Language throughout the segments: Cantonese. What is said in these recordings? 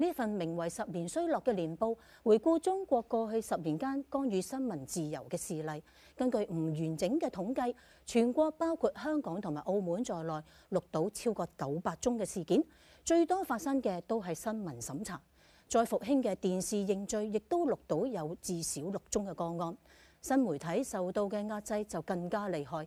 呢份名為《十年衰落》嘅年報，回顧中國過去十年間干預新聞自由嘅事例。根據唔完整嘅統計，全國包括香港同埋澳門在內錄到超過九百宗嘅事件，最多發生嘅都係新聞審查。再復興嘅電視認罪，亦都錄到有至少六宗嘅個案。新媒體受到嘅壓制就更加厲害。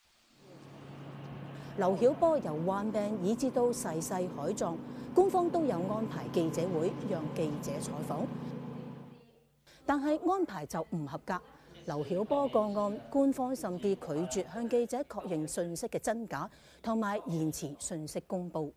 劉曉波由患病以至到逝世海葬，官方都有安排記者會讓記者採訪，但係安排就唔合格。劉曉波個案，官方甚至拒絕向記者確認信息嘅真假，同埋延遲信息公佈。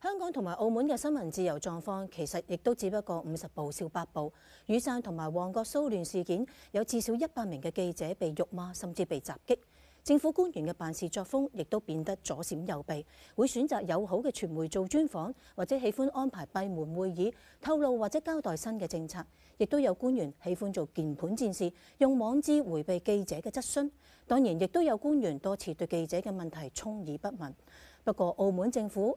香港同埋澳門嘅新聞自由狀況其實亦都只不過五十步笑百步。雨傘同埋旺角騷亂事件，有至少一百名嘅記者被辱罵，甚至被襲擊。政府官員嘅辦事作風亦都變得左閃右避，會選擇友好嘅傳媒做專訪，或者喜歡安排閉門會議透露或者交代新嘅政策。亦都有官員喜歡做鍵盤戰士，用網誌迴避記者嘅質詢。當然，亦都有官員多次對記者嘅問題充耳不聞。不過，澳門政府。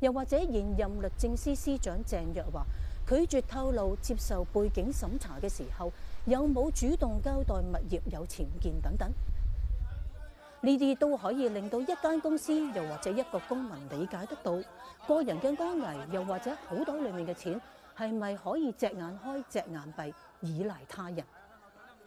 又或者現任律政司司長鄭若驊拒絕透露接受背景審查嘅時候，有冇主動交代物業有僭建等等？呢啲 都可以令到一間公司又或者一個公民理解得到個人嘅關係，又或者口袋裏面嘅錢係咪可以隻眼開隻眼閉，倚賴他人？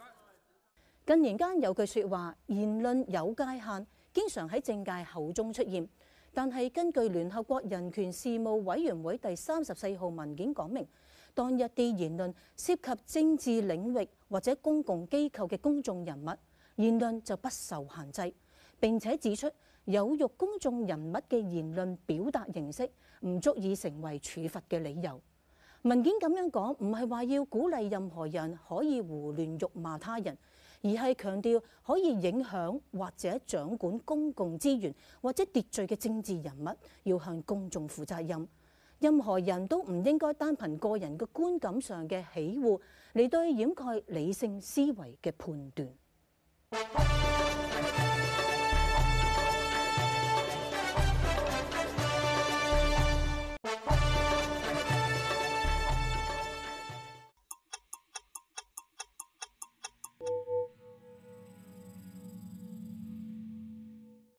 近年間有句說話，言論有界限，經常喺政界口中出現。但係根據聯合國人權事務委員會第三十四號文件講明，當日啲言論涉及政治領域或者公共機構嘅公眾人物，言論就不受限制。並且指出，有辱公眾人物嘅言論表達形式唔足以成為處罰嘅理由。文件咁樣講，唔係話要鼓勵任何人可以胡亂辱罵他人。而係強調可以影響或者掌管公共資源或者秩序嘅政治人物要向公眾負責任。任何人都唔應該單憑個人嘅觀感上嘅喜惡嚟對掩蓋理性思維嘅判斷。